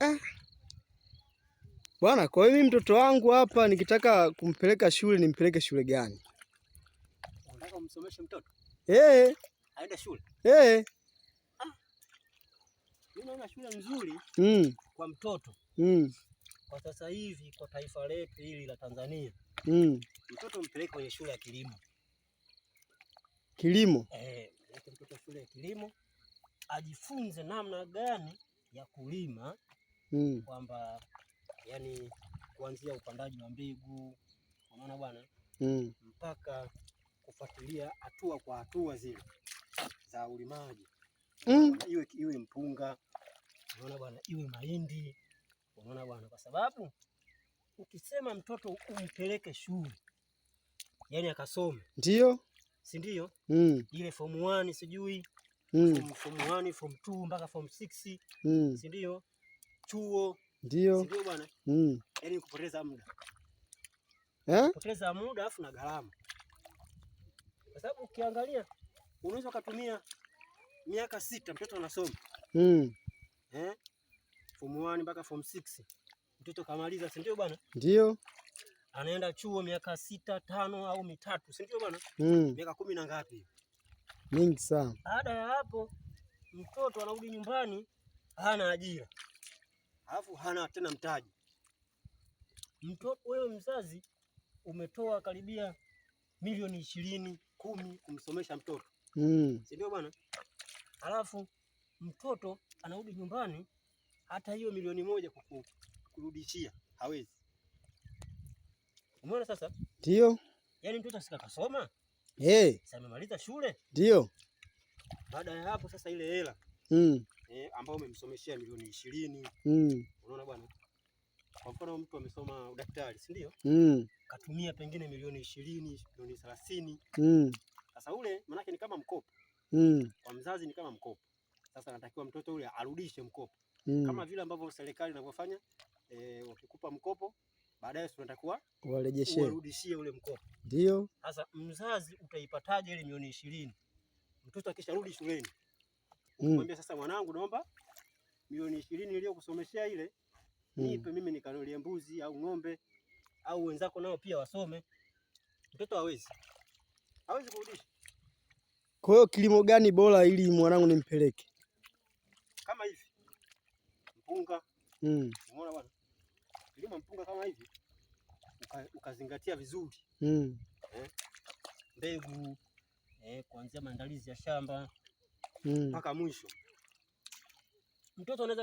eh. Bwana, kwa hiyo mimi mtoto wangu hapa nikitaka kumpeleka shule nimpeleke shule gani? Unataka kumsomesha mtoto? Eh. Aende shule? Eh. Ah. Naona shule nzuri mm. kwa mtoto mm. kwa sasa hivi kwa taifa letu hili la Tanzania mm. mtoto mpeleke kwenye shule ya kilimo. Kilimo? Eh, mtoto shule ya kilimo ajifunze namna gani ya kulima mm. kwamba yani kuanzia upandaji wa mbegu unaona bwana mm. mpaka kufuatilia hatua kwa hatua zile za ulimaji mm. iwe, iwe mpunga unaona bwana, iwe mahindi unaona bwana, kwa sababu ukisema mtoto umpeleke shule yani akasome, ndio si ndio? mm. ile form 1 sijui mm. form 1 form 2 mpaka form 6 mm. si ndio? chuo. Ndio. Sivyo bwana? Mm. Yaani kupoteza muda. Eh? Kupoteza muda afu na gharama. Kwa sababu ukiangalia unaweza ukatumia miaka sita mtoto anasoma. Mm. Eh? Form 1 mpaka form 6. Mtoto kamaliza, si ndio bwana? Ndio. Anaenda chuo miaka sita, tano au mitatu, si ndio bwana? Mm. Miaka kumi na ngapi? Mingi sana. Baada ya hapo mtoto anarudi nyumbani hana ajira alafu hana tena mtaji. Mtoto wewe mzazi umetoa karibia milioni ishirini kumi kumsomesha mtoto mm. si ndio bwana? Alafu mtoto anarudi nyumbani, hata hiyo milioni moja kukurudishia kurudishia hawezi. Umeona sasa? Ndio, yaani mtoto asikakasoma hey. Samemaliza shule, ndio baada ya hapo sasa ile hela mm eh, ambao umemsomeshea milioni ishirini. Mm. Unaona bwana, kwa mfano mtu amesoma udaktari si ndio? Mm. Katumia pengine milioni ishirini milioni thelathini. Mm. Sasa ule manake ni kama mkopo mm. Kwa mzazi ni kama mkopo. Sasa anatakiwa mtoto ule arudishe mkopo mm. Kama vile ambavyo serikali inavyofanya eh, wakikupa mkopo baadaye tunatakiwa uwarejeshe urudishie ule mkopo. Ndio. Sasa mzazi utaipataje ile milioni ishirini mtoto akisharudi shuleni? Mm. Nikamwambia sasa, mwanangu, naomba milioni ishirini iliyokusomeshea ile mm. nipe mimi nikanulie mbuzi au ng'ombe au wenzako nao pia wasome. Mtoto hawezi hawezi kurudisha. Kwa hiyo kilimo gani bora ili mwanangu nimpeleke kama hivi mpunga? Mm. Unaona bwana, kilima mpunga kama hivi ukazingatia vizuri mm. Eh, mbegu eh, kuanzia maandalizi ya shamba Mm. mpaka mwisho mtoto